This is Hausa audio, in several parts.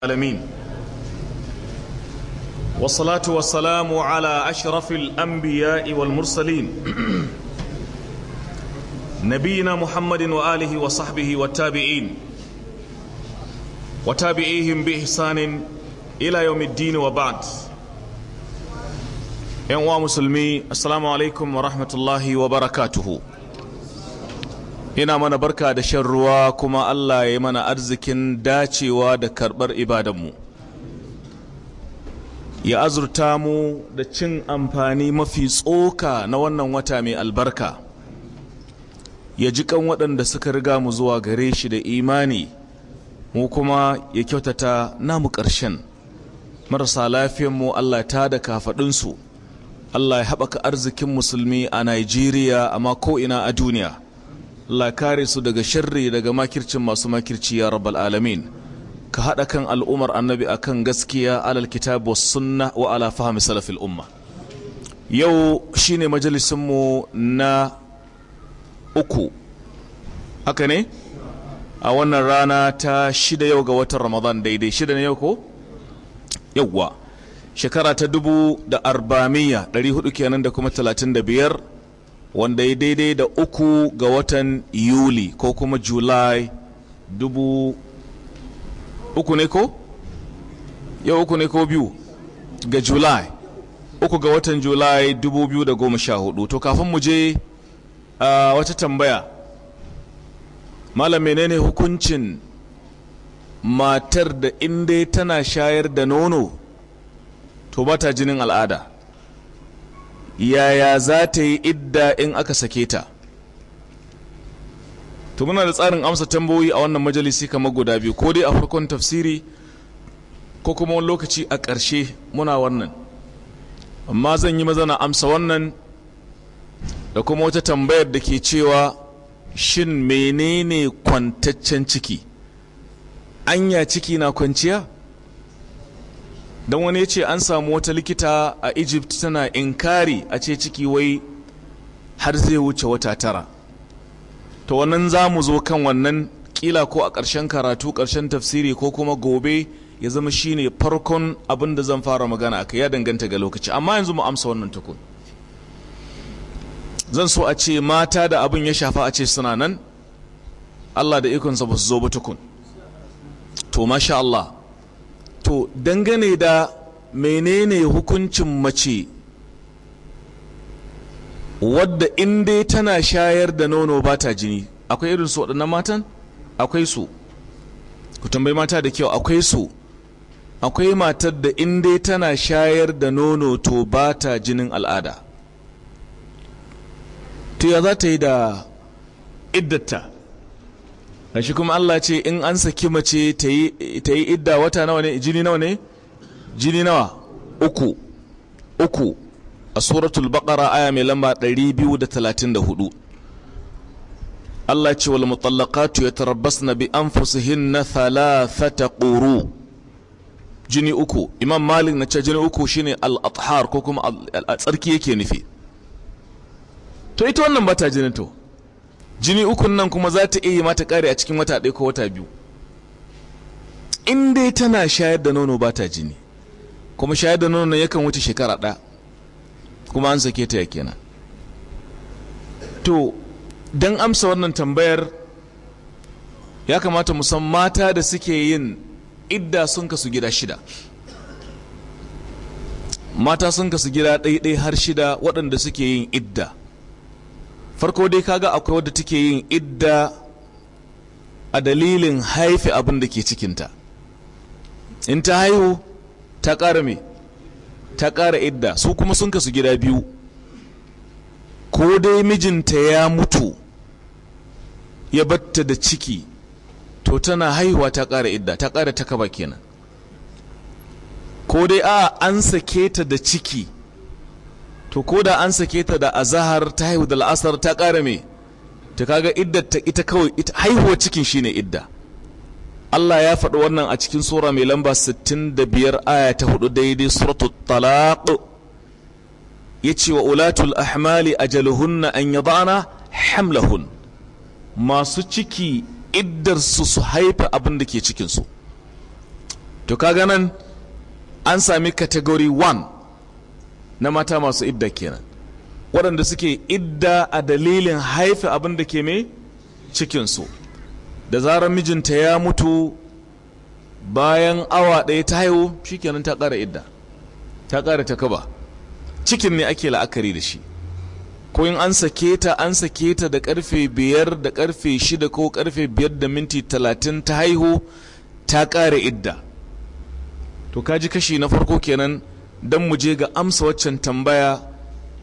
العالمين والصلاة والسلام على أشرف الأنبياء والمرسلين نبينا محمد وآله وصحبه والتابعين وتابعيهم بإحسان إلى يوم الدين وبعد يا مسلمي السلام عليكم ورحمة الله وبركاته yana mana barka da shan ruwa kuma Allah ya yi mana arzikin dacewa da karɓar ibadanmu ya azurta mu da cin amfani mafi tsoka na wannan wata mai albarka ya ji kan waɗanda suka riga mu zuwa gare shi da imani mu kuma ya kyautata namu ƙarshen marasa lafiyanmu Allah ta da kafaɗinsu Allah ya haɓaka arzikin musulmi a Najeriya amma ko'ina a duniya Allah kare su daga sharri daga makircin masu makirci ya rabbal alamin ka haɗa kan al'ummar annabi akan gaskiya alal kitab was sunna wa ala fahmi salafil umma yau shine majalisinmu na uku haka ne a wannan rana ta shida yau ga watan ramadan daidai shida ne yau ko yauwa shekara ta dubu da arbamiya ɗari hudu kenan da kuma talatin da biyar wanda ya daidai da uku ga watan yuli ko kuma july dubu uku ne ko? yau uku ne ko biyu ga july uku ga watan july dubu biyu da goma sha hudu to kafin mu je uh, wata tambaya malam menene hukuncin matar da inda tana shayar da nono to ba ta jinin al'ada yaya za ta yi idda in aka sake ta to muna da tsarin amsa tambayoyi a wannan majalisi kamar guda biyu ko dai a farkon tafsiri ko kuma wani lokaci a ƙarshe muna wannan amma zan yi mazana amsa wannan da kuma wata tambayar da ke cewa shin menene kwantaccen ciki anya ciki na kwanciya don wani ya ce an samu wata likita a egypt tana inkari a ce ciki wai har zai wuce wata tara to wannan za mu zo kan wannan kila ko a ƙarshen karatu ƙarshen tafsiri ko kuma gobe ya zama shine farkon abin da zan fara magana a ya danganta ga lokaci amma yanzu mu amsa wannan tukun zan so a ce mata da abin ya shafa a ce suna nan allah da ikonsa ba su zo ba tukun to masha allah to dangane da menene hukuncin mace wadda in dai tana shayar da nono ba ta jini akwai irin su waɗannan matan akwai su ku tambayi mata da kyau akwai su akwai matar da in dai tana shayar da nono to ba ta jinin al'ada to ya za ta yi da iddata shi kuma Allah ce in an saki mace ta yi idda wata nawa ne jini nawa ne jini nawa uku uku a suratul baqara aya mai lamba 234 Allah ce wal mutallaqatu yatarabbasna bi anfusihinna thalathata quru jini uku imam malik na ce jini uku shine al athhar ko kuma al tsarki yake nufi to ita wannan bata jinin to jini ukun nan kuma za ta iya mata kare a cikin wata ɗaya ko wata biyu in dai tana shayar da nono ba ta jini kuma shayar da nono yakan wuce shekara ɗaya kuma an sake ta ya kenan to don amsa wannan tambayar ya kamata musan mata da suke yin idda sun kasu gida shida mata sun kasu gida ɗaiɗai har shida waɗanda suke yin idda farko dai kaga akwai wadda take yin idda a dalilin haifi abin da ke cikinta in ta haihu ta ƙara me ta ƙara idda su kuma sun kasu gida biyu ko dai mijinta ya mutu ya batta da ciki to tana haihuwa ta ƙara idda ta ƙara takaba kenan ko dai a an sake ta da ciki to ko da an sake ta da azahar ta haihu da la'asar ta ƙara me ta kaga idda ta ita kawai ita haihuwa cikin ne idda Allah ya faɗi wannan a cikin sura mai lamba 65 aya ta hudu daidai suratu talaq ce wa ulatul ahmali ajaluhunna an yadana hamlahun masu ciki iddarsu su haifa abin da ke cikinsu to kaga nan an sami category 1 na mata masu idda kenan waɗanda suke idda a dalilin haifi abin da ke mai cikinsu da zarar mijinta ya mutu bayan awa ɗaya ta haihu shikenan ta ƙara idda ta ƙara ta cikin ne ake la'akari da shi ko in an sake ta an sake ta da ƙarfe biyar da ƙarfe shida ko ƙarfe biyar da minti talatin ta haihu ta ƙara idda to kaji kashi na farko kenan don mu je ga amsa waccan tambaya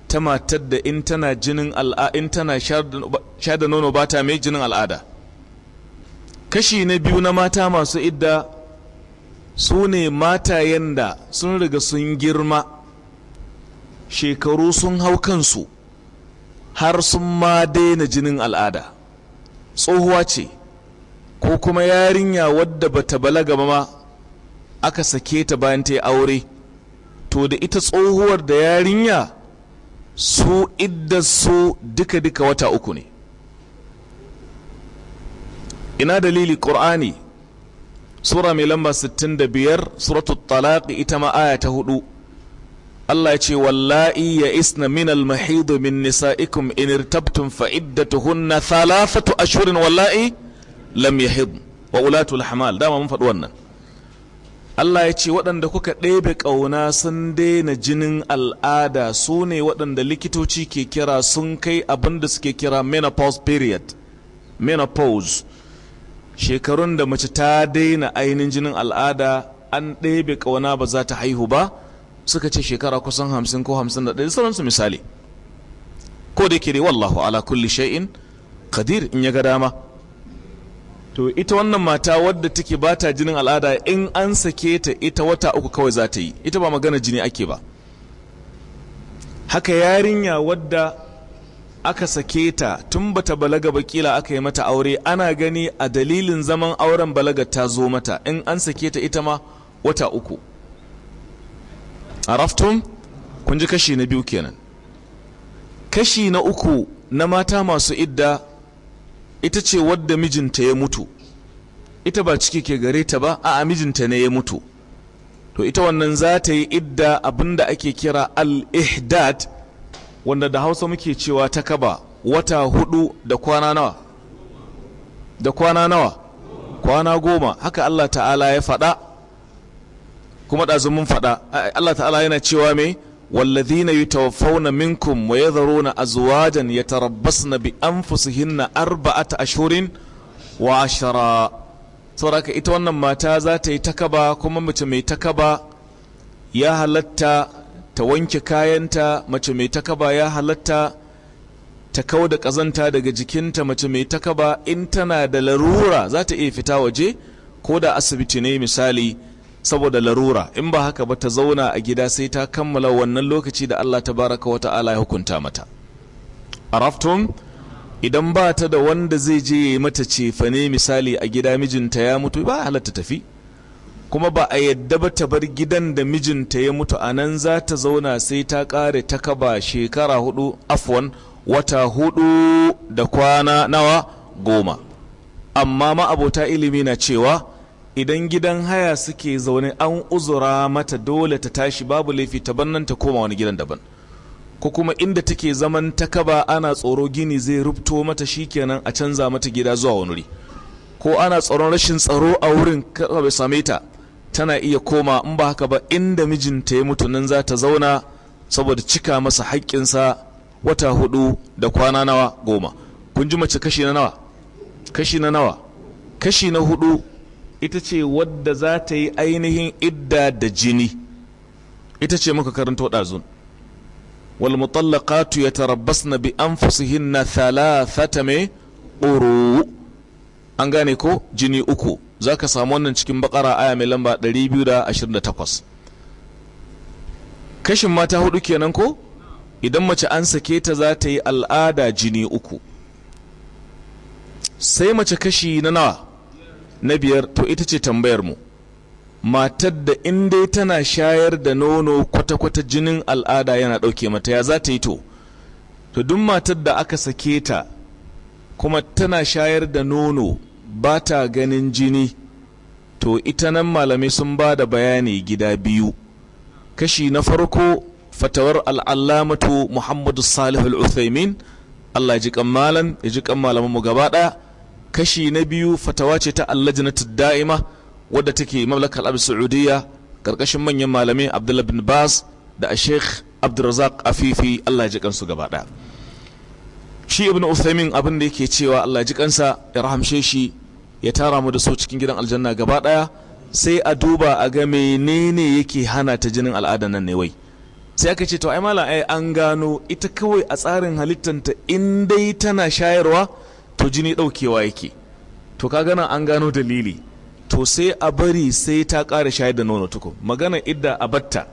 ta matar da in tana jinin in tana sha da nono ba ta mai jinin al'ada kashi na biyu na mata masu idda su ne matayen da sun riga sun girma shekaru sun hau kansu har sun ma daina jinin al'ada tsohuwa ce ko kuma yarinya wadda bata balaga ba ma aka sake ta bayan ta yi aure to da ita tsohuwar da yarinya su idda su duka-duka wata uku ne ina dalili ƙur'ani sura mai lamba 65 suratul talaq ita ma aya ta hudu Allah ya ce wallahi ya isna min al-mahidu min nisa'ikum in irtabtum fa iddatuhunna thalathatu ashhurin wallahi lam yahid wa ulatul hamal dama mun faɗi wannan Allah ya ce waɗanda kuka ɗebe ƙauna sun daina jinin al'ada su ne waɗanda likitoci ke kira sun kai abin da suke kira menopause period menopause shekarun da mace ta daina ainihin jinin al'ada an ɗebe ƙauna ba za ta haihu ba suka ce shekara kusan hamsin ko hamsin da ɗaya sauransu misali ko da yake dai wallahu ala kulli shay'in qadir in ya ga dama to ita wannan mata wadda take ba ta jinin al'ada in an sake ta ita wata uku kawai za ta yi ita ba magana jini ake ba haka yarinya wadda aka sake ta tun bata balaga ba kila aka yi mata aure ana gani a dalilin zaman auren balaga ta zo mata in an sake ta ita ma wata uku araftum kun ji kashi na biyu kenan kashi na uku na mata masu idda ita ce wadda mijinta ya mutu ita ba ciki ke gare ta ba a mijinta ne ya mutu to ita wannan za ta yi idda abinda ake kira al-ihdad wanda da hausa muke cewa ta kaba wata hudu da kwana nawa da kwana nawa kwana goma haka Allah ta'ala ya faɗa kuma ɗazumin faɗa Allah ta'ala yana cewa mai والذين يتوفون منكم ويذرون أزواجا يتربصن بأنفسهن أربعة أشهر وعشرا sauraka ita wannan mata za ta yi takaba kuma mace mai takaba ya halatta ta wanke kayanta mace mai takaba ya halatta ta kau da ƙazanta daga jikinta mace mai takaba in tana da larura za ta iya fita waje ko da asibiti ne misali saboda larura in ba haka ba ta zauna a gida sai ta kammala wannan lokaci da Allah ta baraka wa ta'ala ya hukunta mata araftum idan ba ta da wanda zai je ya yi mata cefane misali a gida mijinta ya mutu ba halatta tafi kuma ba a yadda ba ta bar gidan da mijinta ya mutu a nan za ta zauna sai ta ƙare ta kaba shekara hudu afwan wata hudu da kwana nawa goma amma ma abota ilimi na cewa idan gidan haya suke zaune an uzura mata dole ta tashi babu laifi ta bannan ta koma wani gidan daban ko kuma inda take zaman ta kaba ana tsoro gini zai rubto mata shikenan a canza mata gida zuwa wani wuri ko ana tsoron rashin tsaro a wurin kaba bai same ta tana iya koma in ba haka ba inda mijinta ya mutu nan za ta zauna saboda cika masa haƙƙinsa wata hudu da kwana nawa goma kun ji mace kashi na nawa kashi na nawa kashi na hudu ita ce wadda za ta yi ainihin idda da jini ita ce muka karanto ɗazun wal mutallaqatu yatarabbasna bi anfusihinna thalathata me quru an gane ko jini uku zaka samu wannan cikin bakara aya mai lamba 228 kashin mata hudu kenan ko idan mace an sake ta za ta yi al'ada jini uku sai mace kashi na nawa na biyar to ita ce tambayar mu matar da in dai tana shayar da nono kwata-kwata jinin al'ada yana ɗauke mata ya za ta yi to to duk matar da aka sake ta kuma tana shayar da nono ba ta ganin jini to ita nan malamai sun ba da bayani gida biyu kashi na farko fatawar al'allamatu muhammadu salihu al'uthaimin allah ji kan malan ya ji kan malamanmu gaba ɗaya kashi na biyu fatawa ce ta alhaji allajinatu da'ima wadda take mamlakar al'abin saudiya karkashin manyan malamai abdullah bin bas da sheikh abdulrazak afifi allah ji kansu gaba shi ibn uthaymin abin da yake cewa allah ji kansa ya rahamshe shi ya tara mu da su cikin gidan aljanna gaba daya sai a duba a ga menene yake hana ta jinin al'ada nan ne wai sai aka ce to ai malam ai an gano ita kawai a tsarin halittanta in dai tana shayarwa to jini ɗaukewa yake to ka gana an gano dalili to sai a bari sai ta ƙara shayar da nono tukun magana idda a batta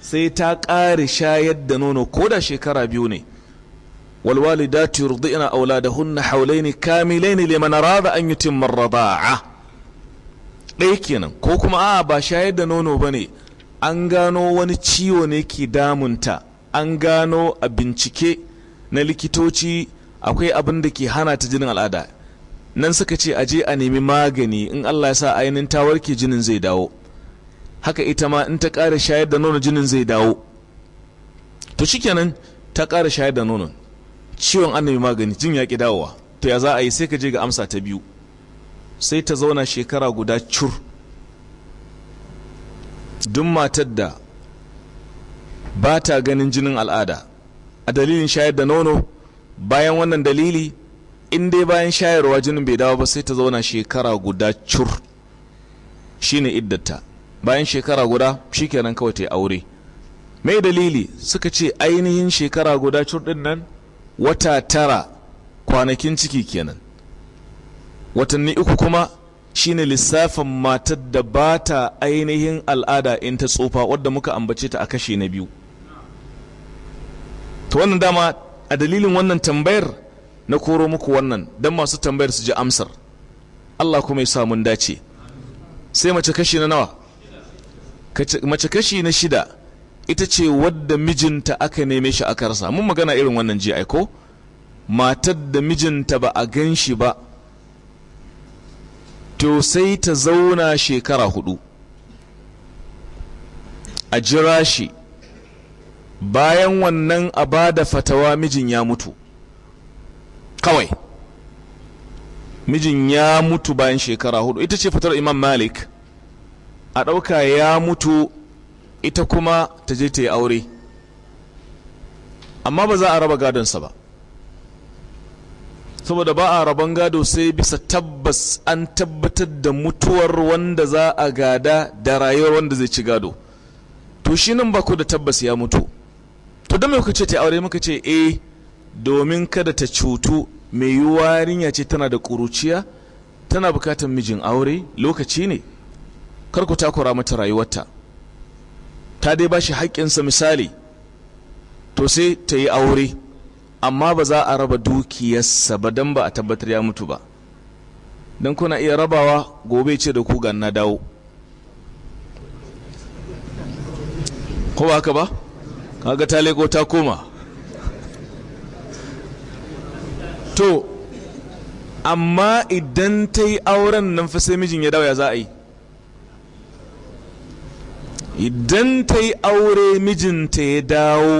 sai ta ƙara shayar da nono ko da shekara biyu ne والوالدات يرضئن أولادهن حولين كاملين لمن أراد أن يتم الرضاعة ɗaya kenan ko kuma a ba shayar da nono ba ne an gano wani ciwo ne ke damunta an gano a bincike na likitoci akwai abin da ke hana ta jinin al'ada nan suka ce aje a nemi magani in Allah ya sa ainihin ta warke jinin zai dawo haka ita ma in ta ƙara shayar da nono jinin zai dawo to shikenan ta ƙara shayar da nono ciwon an nemi magani jin ya ƙi dawowa to ya za a yi sai ka je ga amsa ta biyu sai ta zauna shekara guda cur duk matar da ba ta ganin jinin al'ada a dalilin shayar da nono bayan wannan dalili in dai bayan shayarwa jinin bai dawo ba sai ta zauna shekara guda cur shine iddata bayan shekara guda shikenan kawai ta yi aure mai dalili suka ce ainihin shekara guda cur din nan wata tara kwanakin ciki kenan watanni uku kuma shine lissafin matar da ba ta ainihin al'ada in ta tsufa wadda muka ambace ta a kashe na biyu ta wannan dama a dalilin wannan tambayar na koro muku wannan don masu tambayar su ji amsar Allah kuma ya samun dace sai mace kashi na nawa mace kashi na shida ita ce wadda mijinta aka neme shi aka rasa mun magana irin wannan ji aiko matar da mijinta ba a gan shi ba to sai ta zauna shekara hudu a jira shi bayan wannan a ba da fatawa mijin ya mutu kawai mijin ya mutu bayan shekara hudu ita ce fatar imam malik a ɗauka ya mutu ita kuma ta je ta yi aure amma ba za a raba gadonsa ba saboda ba a raban gado sai bisa tabbas an tabbatar da mutuwar wanda za a gada da rayuwar wanda zai ci gado to shi nan ba ku da tabbas ya mutu to don muka ce ta aure muka ce eh domin kada ta cutu mai yiwuwa yarinya ce tana da ƙuruciya tana bukatar mijin aure lokaci ne kar ku takura mata rayuwarta ta dai ba shi haƙƙinsa misali to sai ta yi aure amma ba za a raba dukiyarsa ba don ba a tabbatar ya mutu ba don kuna iya rabawa gobe ce da ku na dawo ko ba haka ba kaga ta leko ta koma to amma idan ta yi auren nan fa sai mijin ya dawo ya za a yi idan ta yi aure mijinta ya dawo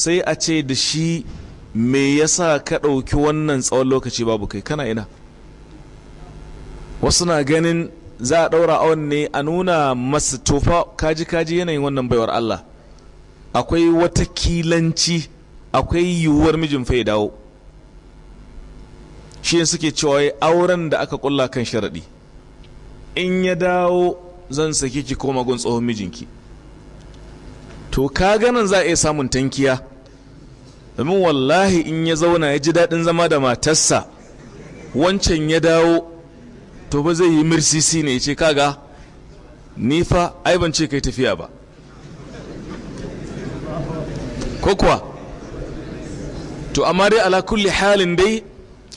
sai a ce da shi me yasa ka ɗauki wannan tsawon lokaci babu kai kana ina wasu na ganin za a ɗaura awon ne a nuna masu tofa kaji kaji yanayin wannan baiwar Allah akwai wata kilanci akwai yiwuwar mijin fai dawo shi suke cewa auren da aka kulla kan sharaɗi in ya dawo zan saki ki koma gun tsohon mijinki to ka ganin za a iya samun tankiya domin wallahi in ya zauna ya ji daɗin zama da matarsa wancan ya dawo to ba zai yi mirsisi ne ce kaga ni fa ai ban ce kai tafiya ba ko kuwa to amma dai ala halin dai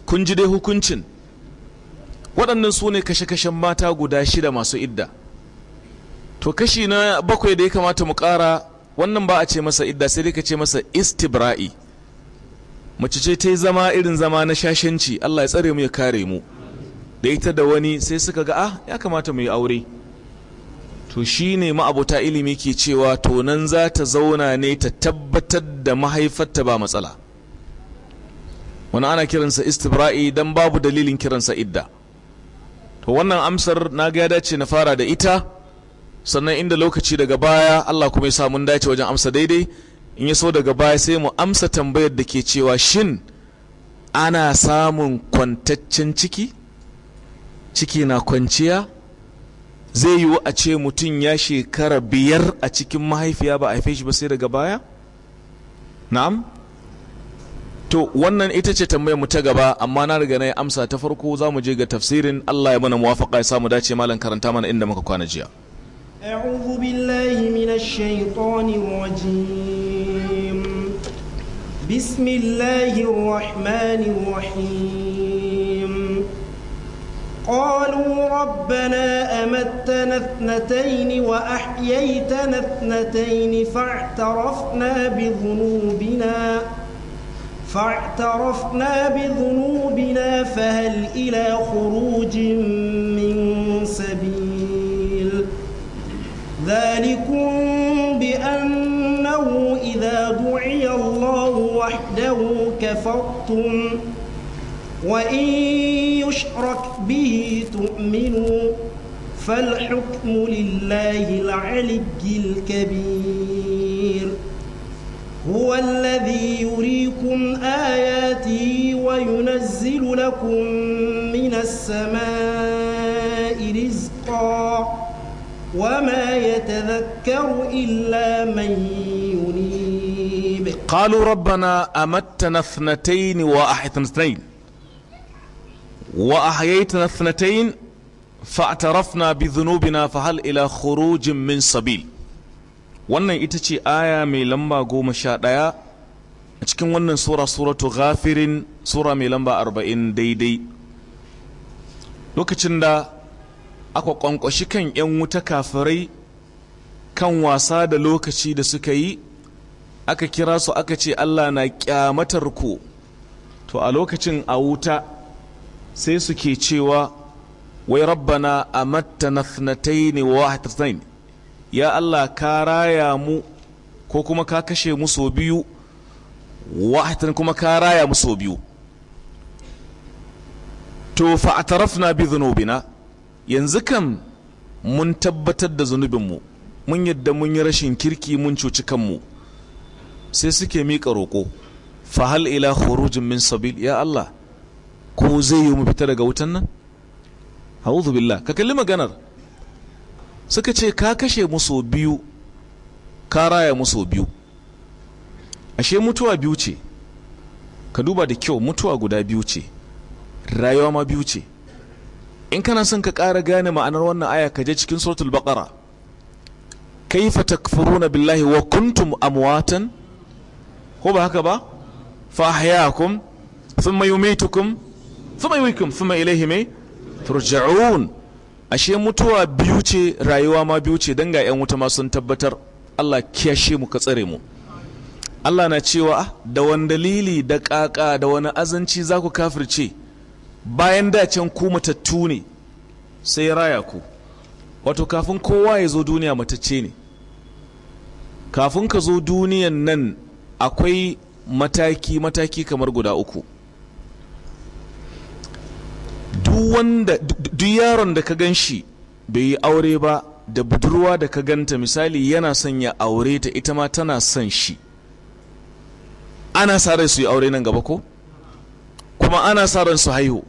kun ji dai hukuncin waɗannan su ne kashe-kashen mata guda shida masu idda to kashi na bakwai da ya kamata mu ƙara wannan ba a ce masa idda sai dai ka ce masa istibra'i mace ce ta yi zama irin zama na shashanci Allah ya tsare mu ya kare mu da ita da wani sai suka ga ah ya kamata mu yi aure to shi ne ma'abota ilimi ke cewa tonan nan za ta zauna ne ta tabbatar da mahaifarta ba matsala wani ana kiransa istibra'i don babu dalilin kiransa idda to wannan amsar na ga dace na fara da ita sannan inda lokaci daga baya Allah kuma ya sa mun dace wajen amsa daidai in ya so daga baya sai mu amsa tambayar da ke cewa shin ana samun kwantaccen ciki ciki na kwanciya zai yiwu a ce mutum ya shekara biyar a cikin mahaifiya ba a shi ba sai daga baya na'am to wannan ita ce tambayar mu ta gaba amma na riga na amsa ta farko za mu je ga tafsirin Allah ya mana muwafaka ya samu dace malam karanta mana inda muka kwana jiya بسم الله الرحمن الرحيم قالوا ربنا أمتنا اثنتين وأحييتنا اثنتين فاعترفنا بذنوبنا فاعترفنا بذنوبنا فهل إلى خروج من سبيل ذلكم بأنه إذا دعي الله وحده كفرتم وإن يشرك به تؤمنوا فالحكم لله العلي الكبير هو الذي يريكم آياته وينزل لكم من السماء رزقا وما يتذكر إلا من ينيب قالوا ربنا أمتنا اثنتين وأحيتنا اثنين wa ahyaytana thnatayn fa'tarafna bi dhunubina fa hal ila khurujin min sabil wannan ita ce aya mai lamba goma sha ɗaya a cikin wannan sura suratu ghafirin sura mai lamba arba'in daidai lokacin da aka ƙwanƙwashi kan 'yan wuta kafirai kan wasa da lokaci da suka yi aka kira su aka ce allah na ƙyamatar ku to a lokacin a wuta sai suke cewa wai rabbana amattana thnataini wa wahdathain ya Allah ka raya mu ko kuma ka kashe mu so biyu wahatan kuma ka raya mu so biyu to fa atarafna bi dhunubina yanzu kan mun tabbatar da zunubinmu mun yadda mun yi rashin kirki mun cuci kanmu sai suke miƙa roƙo fa hal ila khurujin min sabil ya Allah ko zai yi mu fita daga wutan nan a'udhu billah ka kalli maganar suka ce ka kashe muso biyu ka raya muso biyu ashe mutuwa biyu ce ka duba da kyau mutuwa guda biyu ce rayuwa ma biyu ce in kana son ka ƙara gane ma'anar wannan aya ka je cikin suratul baqara kaifa takfuruna billahi wa kuntum amwatan ko ba haka ba fa ahyakum thumma yumitukum thumma yuwikum thumma ilaihi mai turja'un ashe mutuwa biyu ce rayuwa ma biyu ce dan ga yan wuta ma sun tabbatar Allah kiyashe mu ka tsare mu Allah na cewa ah, da wani dalili da ƙaƙa da wani azanci za ku kafirce bayan dacen ku matattu ne sai raya ku wato kafin kowa ya zo duniya matacce ne kafin ka zo duniyan nan akwai mataki-mataki kamar guda uku duk wanda duk yaron da ka gan shi bai yi aure ba da budurwa da ka ganta misali yana son ya aure ta ita ma tana son shi ana sa su yi aure nan gaba ko kuma ana sa su haihu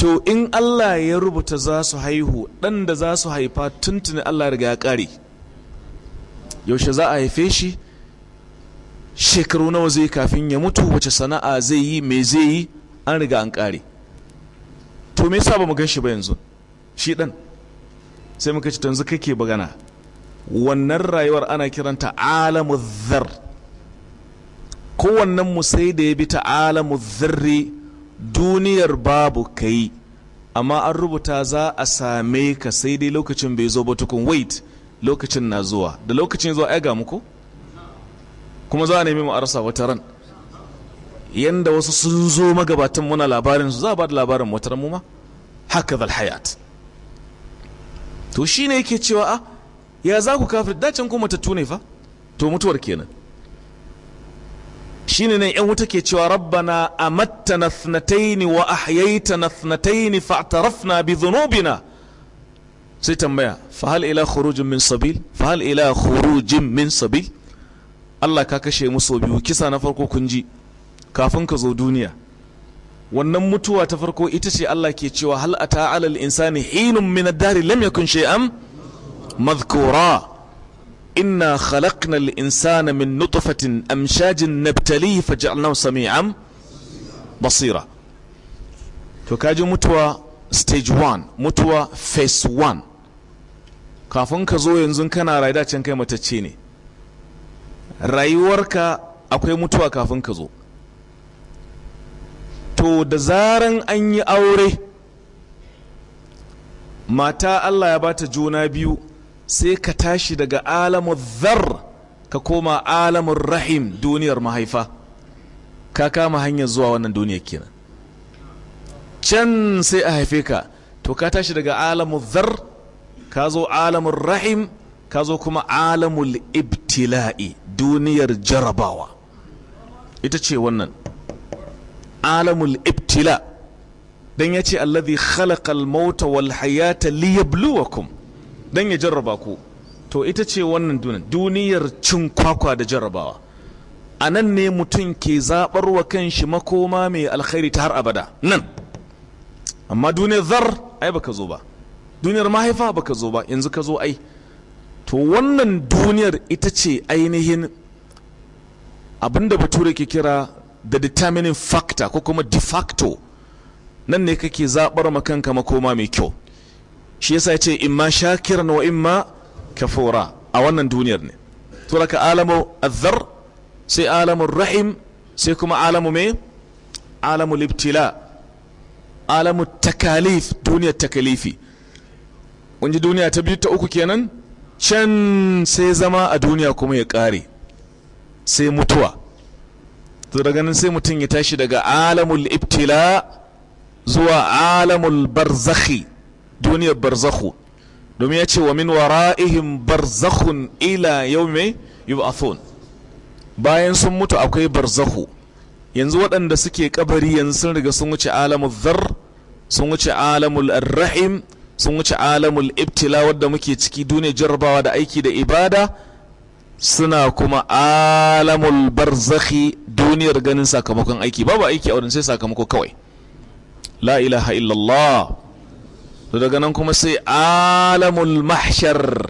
to in Allah ya rubuta za su haihu ɗan da za su haifa tuntuni Allah riga ya kare yaushe za a haife shi shekaru nawa zai kafin ya mutu wace sana'a zai yi me zai yi an riga an ƙare to me yasa ba mu gan shi ba yanzu shi dan sai muka ci yanzu kake bagana wannan rayuwar ana kiranta alamu zar kowannen mu sai da ya bi ta alamu zarri duniyar babu kai amma an rubuta za a same ka sai dai lokacin bai zo ba tukun wait lokacin na zuwa da lokacin zuwa ya ga muku kuma za a nemi mu arsa wata ran yanda wasu sun zo magabatan muna labarin su za a ba da labarin wata mu ma haka zal hayat to ne yake cewa a ah, ya za ku kafir dacin kuma ta tune fa to mutuwar kenan Shi ne yan wuta ke cewa rabbana amattana thnataini wa ahyaitana thnataini fa'tarafna bi dhunubina sai tambaya fa hal ila khurujin min sabil fa hal ila khurujin min sabil Allah ka kashe mu biyu kisa na farko kun ji kafin ka zo duniya wannan mutuwa ta farko ita ce Allah ke cewa hal ata alal insani hinun min ad-dari lam yakun shay'an madhkura inna khalaqna al-insana min nutfatin amshajin nabtalihi faj'alnahu sami'an basira to kaji mutuwa stage 1 mutuwa phase 1 kafin ka zo yanzu kana rayuwa can kai matacce ne rayuwarka akwai mutuwa kafin ka zo to da zaran an yi aure mata Allah ya bata juna biyu sai ka tashi daga alamun zar ka koma alamun rahim duniyar mahaifa ka kama hanyar zuwa wannan duniyar kenan can sai a haife ka to ka tashi daga alamun zar ka zo alamun rahim ka zo kuma alamul ibtila'i duniyar jarabawa ita ce wannan alamul ibtila dan ya ce allazi khalaqal mauta wal hayata liyabluwakum dan ya jarraba ku to ita ce wannan duniyar duniyar cin kwakwa da jarrabawa a nan ne mutum ke zabar wa kanshi makoma mai alkhairi ta har abada nan amma duniyar zar ai baka zo ba duniyar mahaifa baka zo ba yanzu ka zo ai to wannan duniyar ita ce ainihin abinda bature ke kira the determining factor ko kuma de facto nan ne kake zaɓar makanka makoma mai kyau shi yasa ya ce imma shakiran wa imma kafura a wannan duniyar ne to ka alamu azzar sai alamu rahim sai kuma alamu mai alamu libtila alamu takalif duniyar takalifi kun ji duniya ta biyu ta uku kenan can sai zama a duniya kuma ya ƙare sai mutuwa to daga nan sai mutum ya tashi daga alamul ibtila zuwa alamul barzakhi duniyar barzakhu domin ya ce wa min wara'ihim barzakhun ila yau yawmi yub'athun bayan sun mutu akwai barzakhu yanzu waɗanda suke kabari yanzu sun riga sun wuce alamul Zar sun wuce alamul rahim sun wuce alamul ibtila wadda muke ciki duniyar jarrabawa da aiki da ibada suna kuma alamul barzakhi duniyar ganin sakamakon aiki babu aiki a wurin sai sakamako kawai la ilaha illallah to daga nan kuma sai alamul mahshar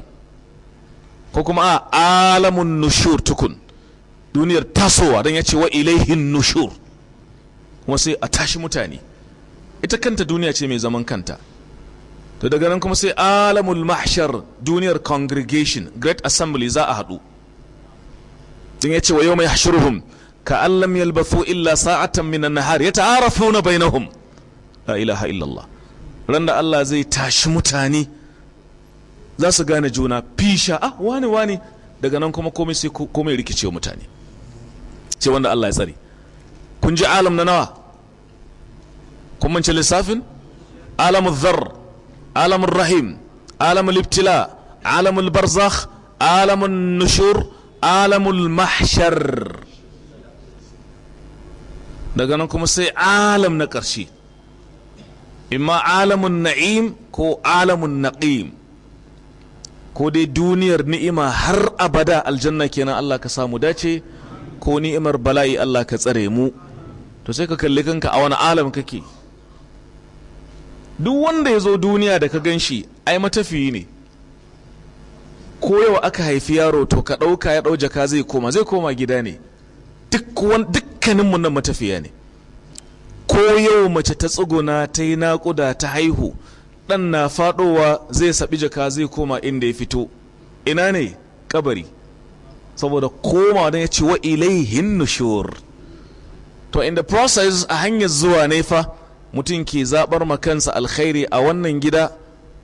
ko kuma a alamun nushur tukun duniyar tasowa don ya ce wa ilaihin nushur kuma sai a tashi mutane ita kanta duniya ce mai zaman kanta to daga nan kuma sai alamul mahshar duniyar congregation great assembly za a haɗu tun ya ce wa yau mai hashiruhum ka allam yalbathu illa sa'atan minan nahar ya ta'arafuna bainahum la ilaha illallah ran da Allah zai tashi mutane za su gane juna fisha ah wani wani daga nan kuma komai sai komai rikice mutane ce wanda Allah ya tsare kun ji alam na nawa kun mance lissafin alamul dhar alamul rahim alamul ibtila alamul barzakh alamul nushur alamul mahshar daga nan kuma sai alam na ƙarshe imma alamun na'im ko alamun naqim ko dai duniyar ni'ima har abada aljanna kenan Allah ka samu dace ko ni'imar bala'i Allah ka tsare mu to sai ka kalli kanka a wani alam kake duk wanda ya zo duniya da ka gan shi ai matafiyi ne ko yau aka haifi yaro to ka ɗauka ya ɗau jaka zai koma zai koma gida ne dukkaninmu nan matafiya ne ko yau mace ta tsuguna ta yi naƙuda ta haihu ɗan na faɗowa zai saɓi jaka zai koma inda ya fito ina ne kabari saboda koma don ya ce wa ilaihin nushur to in the process a hanyar zuwa ne fa mutum ke zaɓar makansa alkhairi a wannan gida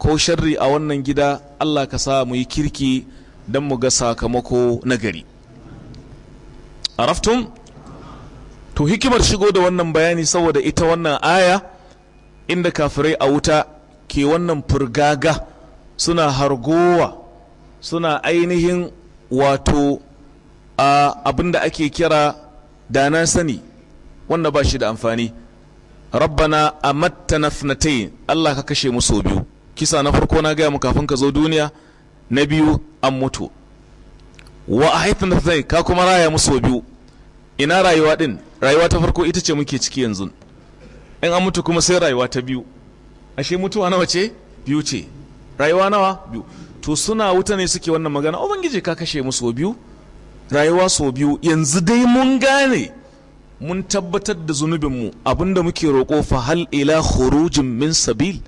ko sharri a wannan gida Allah ka sa mu yi kirki don mu ga sakamako nagari raftun, to hikimar shigo da wannan bayani saboda ita wannan aya inda kafirai a wuta ke wannan furgaga suna hargowa suna ainihin wato a abin da ake kira da na sani wanda ba shi da amfani rabbana matta na Allah ka kashe mu sau biyu kisa na farko na gaya mu kafin ka zo duniya na biyu an mutu wa a haifin da zai ka kuma raya mu sau biyu ina rayuwa din rayuwa ta farko ita ce muke ciki yanzu in an mutu kuma sai rayuwa ta biyu ashe mutuwa nawa ce biyu ce rayuwa nawa biyu to suna wuta ne suke wannan magana ubangiji ka kashe mu sau biyu rayuwa so biyu yanzu dai mun gane mun tabbatar da zunubinmu abinda muke roƙo fa hal ila khurujin min sabil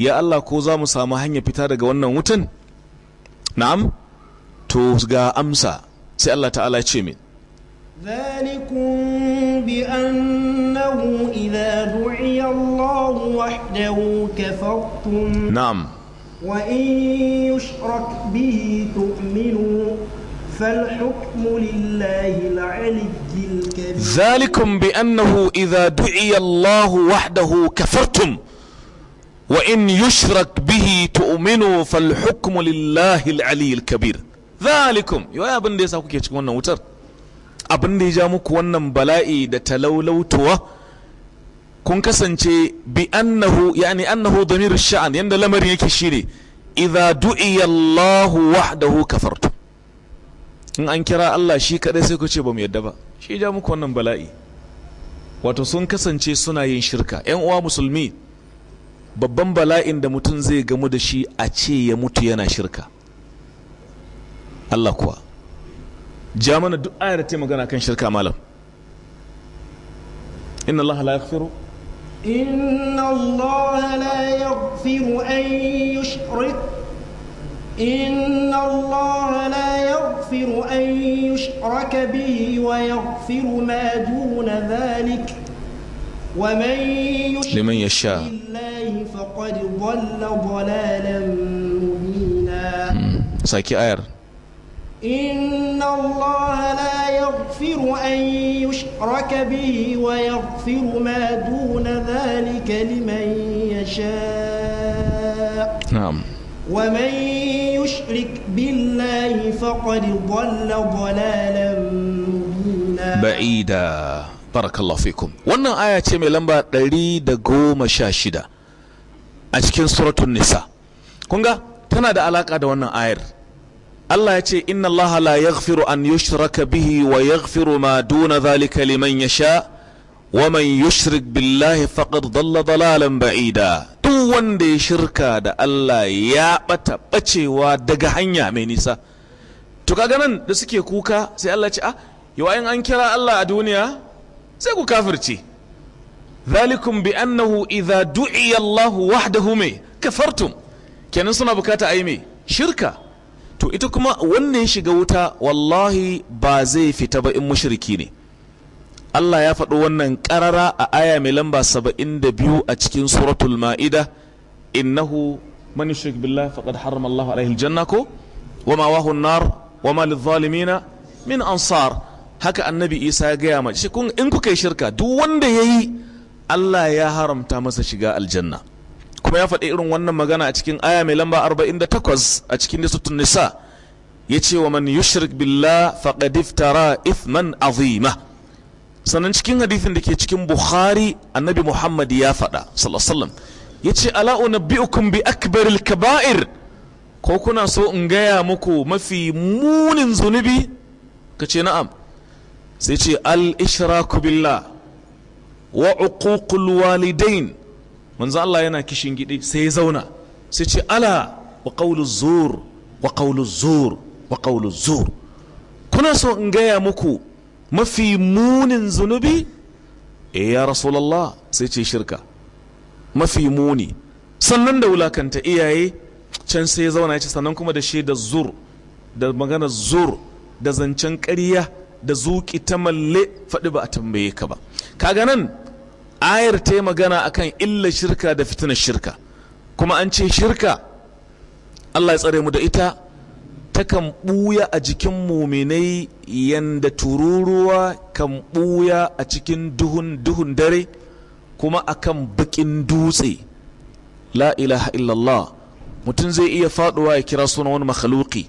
ya Allah ko za mu samu hanya fita daga wannan wutan na'am to ga amsa sai Allah ta'ala ya ce min ذلكم بأنه إذا دعي الله وحده كفرتم نعم وإن يشرك به تؤمنوا فالحكم لله العلي الكبير ذلكم بأنه إذا دعي الله وحده كفرتم وإن يشرك به تؤمنوا فالحكم لله العلي الكبير ذلكم يا abin da yasa kuke cikin wannan wutar abin da ya ja muku wannan bala'i da talaulautuwa kun kasance bi annahu yani annahu damir sha'an yanda lamarin yake shine idza du'iya Allah wahdahu kafartu in an kira Allah shi kadai sai kuce ce ba mu yadda ba shi ja muku wannan bala'i wato sun kasance suna yin shirka yan uwa musulmi babban bala'in da mutum zai gamu da shi a ce ya mutu yana shirka Allah kuwa ja mana duk ayar ta magana kan shirka malam inna Allah la yaghfiru inna Allah la yaghfiru an yushrik an yi لا يغفر أن يشرك به ma ما دون ذلك ومن يشرك لمن يشاء فقد ضل ضلالا مبينا ساكي آير إن الله لا يغفر أن يشرك به ويغفر ما دون ذلك لمن يشاء نعم ومن يشرك بالله فقد ضل ضلالا مبينا بعيدا بارك الله فيكم وانا آية من لمبا 116 a cikin suratun nisa kunga tana da alaka da wannan ayar Allah ya ce inna Allah la yaghfiru an yushraka bihi wa yaghfiru ma duna zalika liman yasha wa man yushrik billahi faqad dalla dalalan ba'ida duk wanda ya shirka da Allah ya bata bacewa daga hanya mai nisa to kaga nan da suke kuka sai Allah ya ce ah yau an kira Allah a duniya sai ku kafirce zalikum bi annahu idza du'iya Allah wahdahu me kafartum kenan suna bukata ayi me shirka to ita kuma wannan shiga wuta wallahi ba zai fita ba in ne Allah ya faɗo wannan ƙarara a aya mai lamba 72 cikin suratul ma'ida innahu nar ansar haka annabi Isa ya gaya mace kun in kuka yi shirka duk wanda yayi Allah ya haramta masa shiga aljanna kuma ya faɗi irin wannan magana a cikin aya mai lamba 48 a cikin nisutun nisa ya ce wa man yushrik billah faqad iftara ithman azima sannan cikin hadithin da ke cikin bukhari annabi muhammad ya faɗa sallallahu ya ce ala unabbi'ukum bi akbaril kaba'ir ko kuna so in gaya muku mafi munin zunubi ka ce na'am sai ce al ishraku billah wa uququl walidain manzo Allah yana kishin gidi sai ya zauna sai ce ala wa qawlu zur wa qawlu zur wa qawlu zur kuna so in gaya muku mafi munin zunubi eh ya rasulullah sai ce shirka mafi muni sannan da wulakanta iyaye can sai ya zauna ya ce sannan kuma da da zur da magana zur da zancen ƙarya da zuƙi ta malle faɗi ba a tambaye ka ba kaga nan ayar ta yi magana akan illa shirka da fitinar shirka kuma an ce shirka Allah ya tsare mu da ita ta kan buya a jikin muminai yanda tururuwa kan buya a cikin duhun duhun dare kuma akan bakin dutse la ilaha illallah mutum zai iya faduwa ya kira sunan wani makhaluki.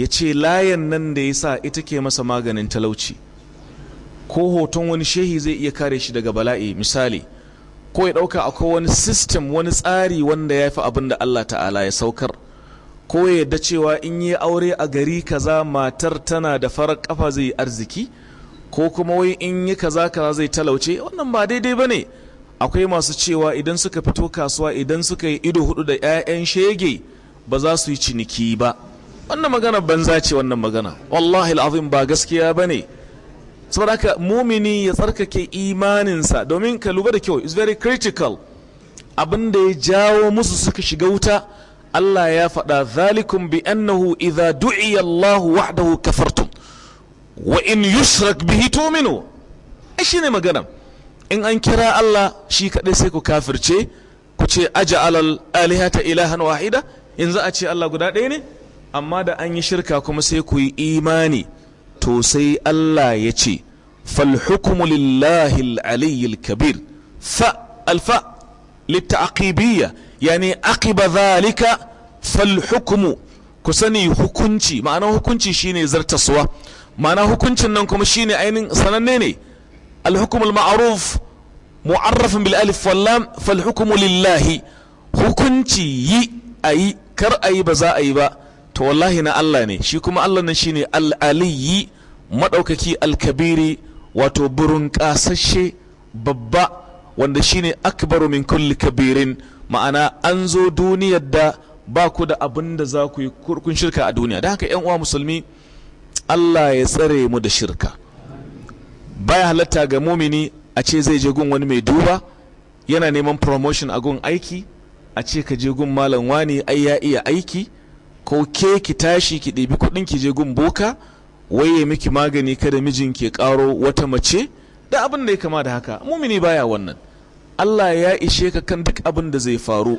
ya ce layan nan da ya sa ita ke masa maganin talauci ko hoton wani shehi zai iya kare shi daga bala'i misali ko ya ɗauka akwai wani system wani tsari wanda ya fi abin da Allah ta'ala ya saukar ko ya yadda cewa in yi aure a gari kaza matar tana da farar kafa zai arziki ko kuma wai in yi kaza kaza zai talauce wannan ba daidai ba ne akwai masu cewa idan suka fito kasuwa idan suka yi ido hudu da 'ya'yan shege ba za su yi ciniki ba wannan magana banza ce wannan magana wallahi al'azim ba gaskiya ba ne saboda haka mumini ya tsarkake imaninsa domin ka lura da kyau is very critical abin da ya jawo musu suka shiga wuta Allah ya faɗa zalikum bi annahu idza du'iya allahu wahdahu kafartum wa in yushrak bihi tu'minu ai shine magana in an kira Allah shi kadai sai ku kafirce ku ce al alihata ilahan wahida yanzu a ce Allah guda ɗaya ne amma da an yi shirka kuma sai ku yi imani to sai Allah ya ce فالحكم لله العلي الكبير فالفاء للتعقيبية يعني عقب ذلك فالحكم كسني hukunci ma'ana hukunci shine zartaswa ma'ana hukuncin nan kuma shine ainihin sananne ne al ma'aruf al mu'arraf bil alif wal fal hukm lillah hukunci yi ayi kar ayi ba za ayi ba to wallahi na Allah ne shi kuma Allah nan shine al-aliyyi madaukaki al-kabiri wato burun kasashe babba wanda shine akbaru min kulli kabirin ma'ana an zo duniyar da ba ku da abin da za ku yi kun shirka a duniya da haka yan uwa musulmi Allah ya tsare mu da shirka baya halatta ga mumini a ce zai je gun wani mai duba yana neman promotion a gun aiki a ce ka je gun malam wani ai ya iya aiki ko ke ki tashi ki ɗebi kuɗin ki je gun boka ya miki magani kada mijin ke ƙaro wata mace da abin da ya kama da haka mumini baya wannan Allah ya ishe ka kan duk abin da zai faru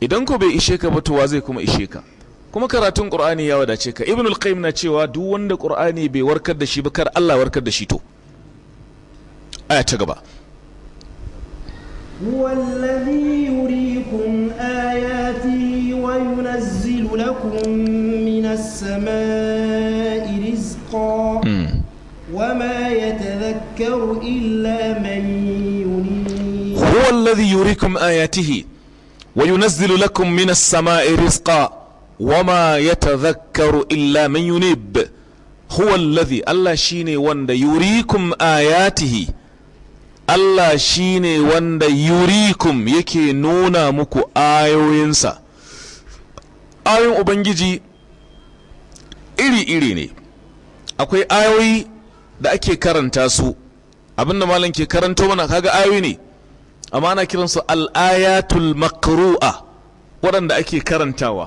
idan ko bai ishe ka ba to wa zai kuma ishe ka kuma karatun qur'ani ya wadace ka ibnul qayyim na cewa duk wanda qur'ani bai warkar da shi ba kar Allah warkar da shi to aya ta gaba huwa alladhi yuriikum ayatihi wa لكم من السماء رزقا وما يتذكر إلا من ينيب هو الذي يريكم آياته وينزل لكم من السماء رزقا وما يتذكر إلا من ينيب هو الذي الله شيني وند يريكم آياته الله شيني وند يريكم يكي نونا مكو muku ayoyinsa. ayoyin ubangiji iri-iri ne akwai ayoyi da ake karanta su abinda malam ke karanto mana kaga ayoyi ne amma ana kiransu al'ayatul makru'a waɗanda ake karantawa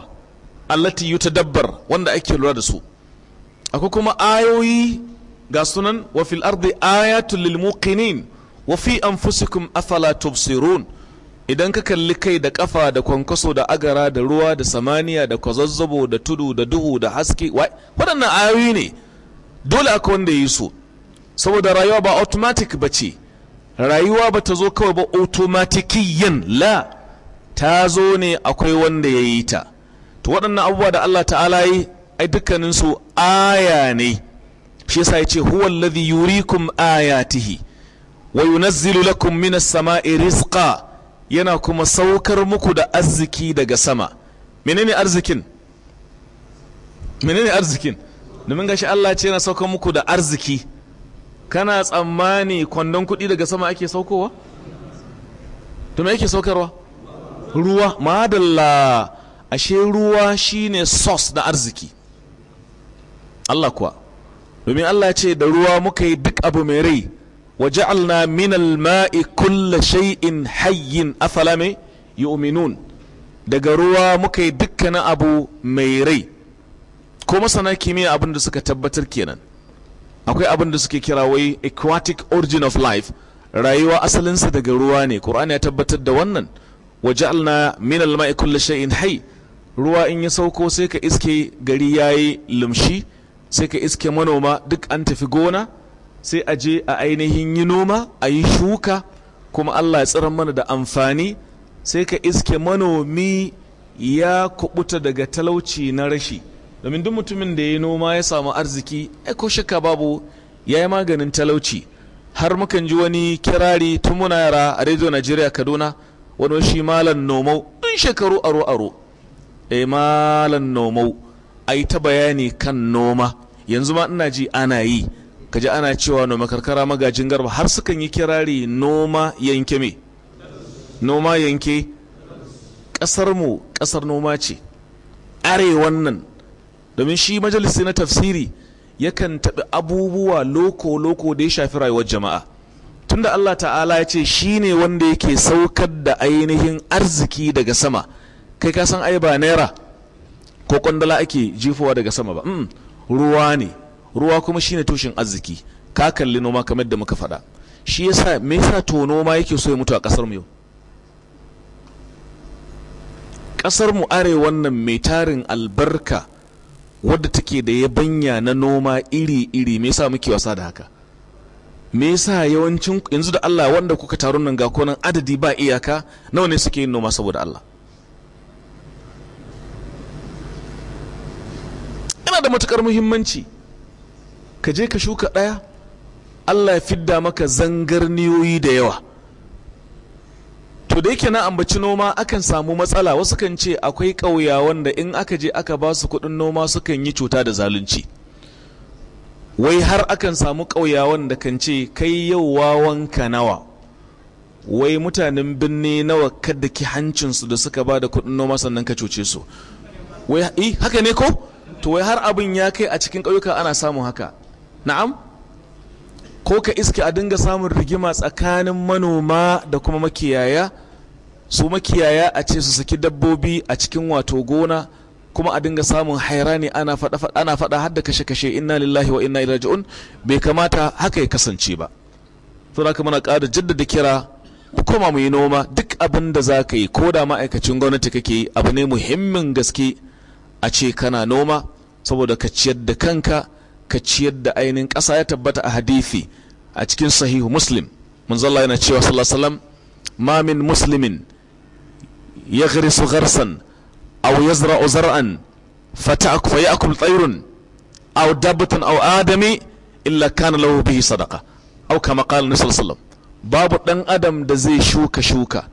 allati yutadabbar wanda ake lura da su akwai kuma ayoyi ga sunan wafil fil ardi ayatul lil muqinin wa fi anfusikum afala tubsirun idan ka kalli kai da kafa da kwankwaso da agara da ruwa da samaniya da kwazazzabo da tudu da duhu da haske waɗannan ayoyi ne dole aka wanda yi su saboda rayuwa ba automatic ba ce rayuwa ba ta zo kawai ba automatikiyan la ta zo ne akwai wanda ya yi ta to waɗannan abubuwa da Allah ta'ala yi ai dukkaninsu aya ne shi yasa ya ce huwa alladhi yurikum ayatihi wa yunazzilu lakum minas sama'i rizqa yana kuma saukar muku da arziki daga sama menene arzikin menene arzikin domin gashi Allah ce yana saukar muku da arziki kana tsammani kwandon kuɗi daga sama ake saukowa to me yake saukarwa ruwa madalla ashe ruwa shine source na arziki Allah kuwa domin Allah ce da ruwa muka yi duk abu mai rai وجعلنا من الماء كل شيء حي أفلم يؤمنون daga ruwa muka yi dukkanin abu mai rai ko masana kimiyya abin da suka tabbatar kenan akwai abin da suke kira wai aquatic origin of life rayuwa asalinsa daga ruwa ne qur'ani ya tabbatar da wannan waja'alna min al-ma'i kulli shay'in hayy ruwa in ya sauko sai ka iske gari yayi lumshi sai ka iske manoma duk an tafi gona sai a je a ainihin yi noma a yi shuka kuma Allah ya tsirar mana da amfani sai ka iske manomi ya kubuta daga talauci na rashi domin duk mutumin da ya noma ya samu arziki ko shakka babu ya yi maganin talauci har mukan ji wani kirari tun muna yara a rediyo najeriya kaduna wani shi malan nomau tun shekaru aro aro e eh, malan nomau a yi ta bayani kan noma yanzu ma ina ji ana yi Ka ji ana cewa noma karkara magajin garba har sukan yi kirari noma yanke me noma yanke kasar mu ƙasar noma ce are wannan domin shi majalisi na tafsiri yakan taɓi abubuwa loko-loko da ya shafi rayuwar jama'a tunda Allah ta'ala ya ce shi ne wanda yake saukar da ainihin arziki daga sama kai ka san ai ba naira ko kwandala ake jifowa daga sama ba mm, ruwa ne ruwa kuma shine tushen arziki ka kalli noma kamar da muka faɗa shi yasa me yasa to noma yake so ya mutu a ƙasar mu yau ƙasar mu are nan mai tarin albarka wadda take da yabanya na noma iri-iri me yasa muke wasa da haka me yasa yawancin yanzu da Allah wanda kuka taru nan ga konan adadi ba iyaka nawa ne suke yin noma saboda Allah yana da matukar muhimmanci ka je ka shuka ɗaya allah ya fidda maka zangarniyoyi da yawa to da yake na ambaci noma akan samu matsala wasu kan ce akwai ƙauya wanda in aka je aka ba su kuɗin noma sukan yi cuta da zalunci wai har akan samu ƙauya wanda kan ce kai yau wawanka nawa wai mutanen birni nawa kada ki hancinsu da suka ba da kuɗin noma sannan ka cuce su wai eh, haka ne ko to wai har abin ya kai a cikin ƙauyuka ana samun haka na'am ko ka iske a dinga samun rigima tsakanin manoma da kuma makiyaya su makiyaya a ce su saki dabbobi a cikin wato gona kuma a dinga samun hairani ana faɗa ana kashe-kashe inna lillahi wa inna ila ji'un bai kamata haka ya kasance ba to haka muna ƙara jaddada kira koma mu yi noma duk abin da za ka yi ko da ma'aikacin gwamnati kake yi abu ne muhimmin gaske a ce kana noma saboda ka ciyar da kanka ka ciyar da ainihin ƙasa ya tabbata a hadithi a cikin sahihu muslim manzalla yana cewa sallallahu alaihi ma min muslimin ya garisu garsan ya zara'an, aw yazra'u zar'an fata'akul tsayrun aw dabbatan aw adami illa kana lahu bihi sadaqa aw kama qala nabi sallam. babu dan adam da zai shuka shuka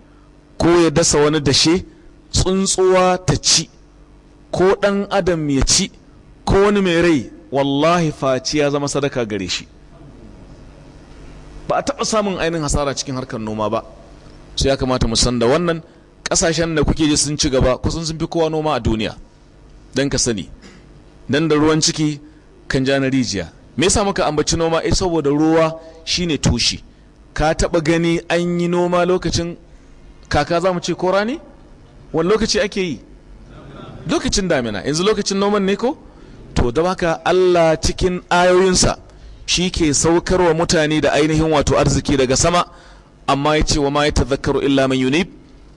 ko ya dasa wani dashe tsuntsuwa ta ci ko dan adam ya ci ko wani mai rai wallahi faci ya zama sadaka gare shi ba a taɓa samun ainihin hasara cikin harkar noma ba Sai ya kamata mu san da wannan ƙasashen da kuke ji sun ci gaba kusan sun fi kowa noma a duniya don ka sani don da ruwan ciki kan ja na rijiya me yasa muka ambaci noma eh saboda ruwa shine tushe ka taɓa gani an yi noma lokacin kaka za mu ce ko rani wani lokaci ake yi lokacin damina yanzu lokacin noman ne ko to da haka Allah cikin ayoyinsa shi ke saukarwa mutane da ainihin wato arziki daga sama amma ya ce wa ma ya tazakkaru illa man yunib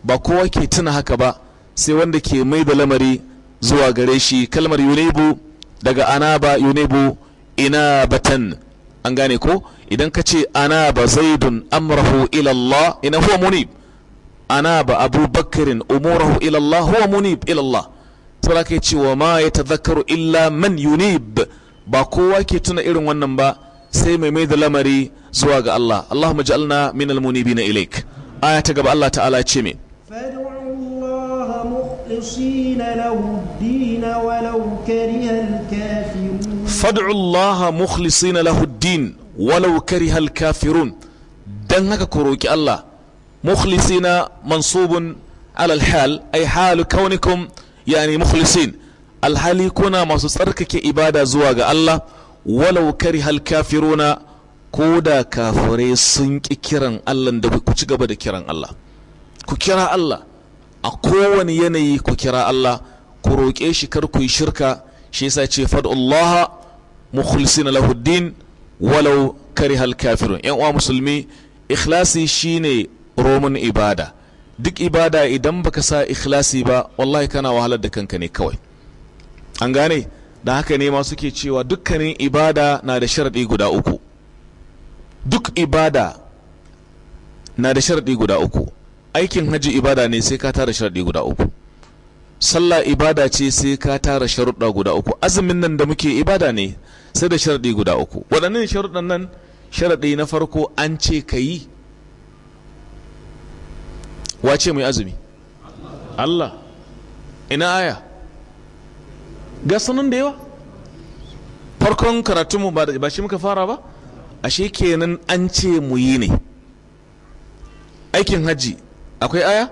ba kowa ke tuna haka ba sai wanda ke mai da lamari zuwa gare shi kalmar yunibu daga anaba yunibu batan an gane ko idan ka ce anaba zaidun amrahu ila Allah ina huwa munib anaba abubakarin umurahu ila Allah huwa munib ila Allah saboda ce wa ma ya tazakaru illa man yunib ba kowa ke tuna irin wannan ba sai mai mai da lamari zuwa ga Allah Allahumma ja'alna min na ilaik aya ta gaba Allah ta'ala ce me fad'u Allah mukhlisina lahu ad-din walau kariha al-kafirun dan haka ku roki Allah mukhlisina mansubun ala al-hal ay halu kaunikum yani mukhlisin alhali kuna masu tsarkake ibada zuwa ga Allah walau hal kafiruna ko da kafirai sun ki kiran Allah da ku ci gaba da kiran Allah ku kira Allah a kowane yanayi ku kira Allah ku roƙe shi kar ku yi shirka shi yasa ce fad'ullaha mukhlisina lahu din walau hal kafirun yan uwa musulmi ikhlasi shine roman ibada duk ibada idan baka sa ikhlasi ba wallahi kana wahalar da kanka ne kawai an gane da haka ne ma suke cewa dukkanin ibada na da sharaɗi guda uku duk ibada na da sharaɗi guda uku aikin hajji ibada ne sai ka tara sharaɗi guda uku sallah ibada ce sai ka tara sharuɗa guda uku azumin nan da muke ibada ne sai da sharaɗi guda uku waɗannan sharuɗan nan sharaɗi na farko an ce ka yi wace mai azumi Allah ina aya ga sanan da yawa farkon karatunmu ba shi muka fara ba ashe kenan an ce mu yi ne aikin hajji akwai aya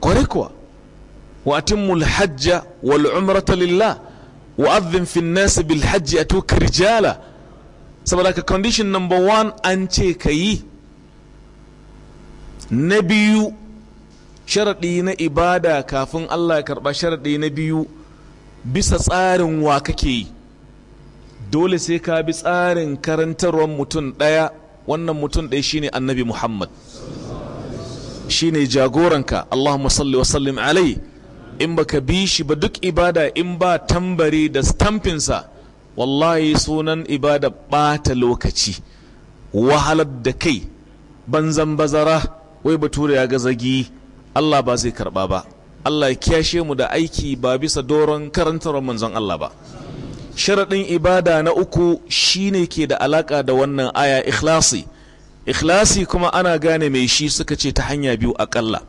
kwarai kuwa wa atimmul hajja wal umrata lillah wa adhin fi bil hajji atuka rijala saboda ka condition number one an ce ka yi na biyu sharaɗi na ibada kafin Allah ya karɓa sharaɗi na biyu bisa tsarin wa kake yi dole sai ka bi tsarin karantarwar mutum ɗaya wannan mutum ɗaya shine annabi Muhammad shine jagoranka Allahumma salli wa sallim alai in baka bi shi ba duk ibada in ba tambari da stamfinsa wallahi sunan ibada ɓata lokaci wahalar da kai banzan bazara wai bature ya ga zagi Allah ba zai karba ba Allah ya kyashe mu da aiki ba bisa doron karantar manzon Allah ba sharaɗin ibada na uku shine ke da alaka da wannan aya ikhlasi ikhlasi kuma ana gane mai shi suka ce ta hanya biyu akalla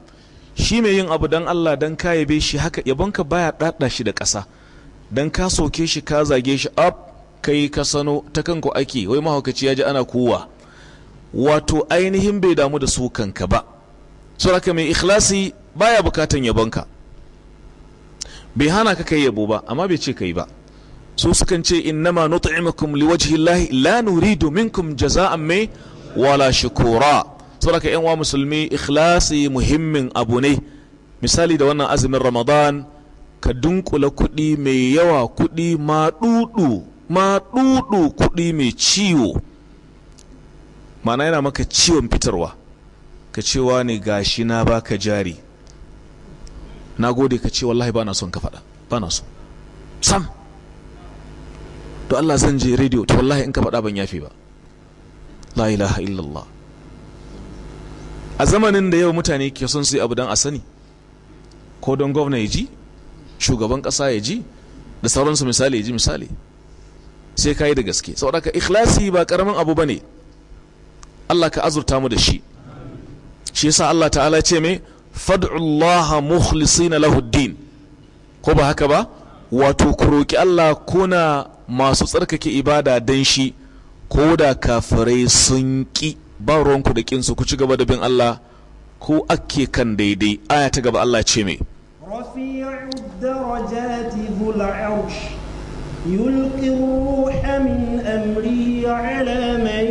shi mai yin abu don Allah don ka yabe shi haka yabonka baya ɗaɗa shi da ƙasa don ka soke shi ka zage shi up kai ka sano ta kanku ake wai mahaukaci ya ji ana kowa wato ainihin bai damu da su kanka ba suraka mai ikhlasi baya bukatan yabonka bai hana ka kai yabo ba amma bai ce kai ba su sukan ce innama nut'imukum liwajhi llahi la nuridu minkum jaza'an mai wala shukura suraka yan wa musulmi ikhlasi muhimmin abu ne misali da wannan azumin ramadan ka dunkula kuɗi mai yawa kuɗi ma dudu ma dudu kuɗi mai ciwo ma'ana yana maka ciwon fitarwa ka cewa ne gashi na baka jari na gode ka ce wallahi ba na son ka faɗa ba na so sam to Allah zan je radio to wallahi in ka faɗa ban yafe ba la ilaha illallah a zamanin da yau mutane ke son su yi abu don a sani ko don gwamna ya ji shugaban ƙasa ya ji da sauransu misali ya ji misali sai ka yi da gaske saboda ka ikhlasi ba ƙaramin abu ba ne Allah ka azurta mu da shi shi yasa Allah ta'ala ce me fad'ullaha mukhlisina lahu din ko ba haka ba wato ku roki Allah kuna masu tsarkake ibada dan shi ko da kafirai sun ki ba ruwanku da kinsu ku ci gaba da bin Allah ko ake kan daidai aya ta gaba Allah ce me يلقي الروح من أمره على من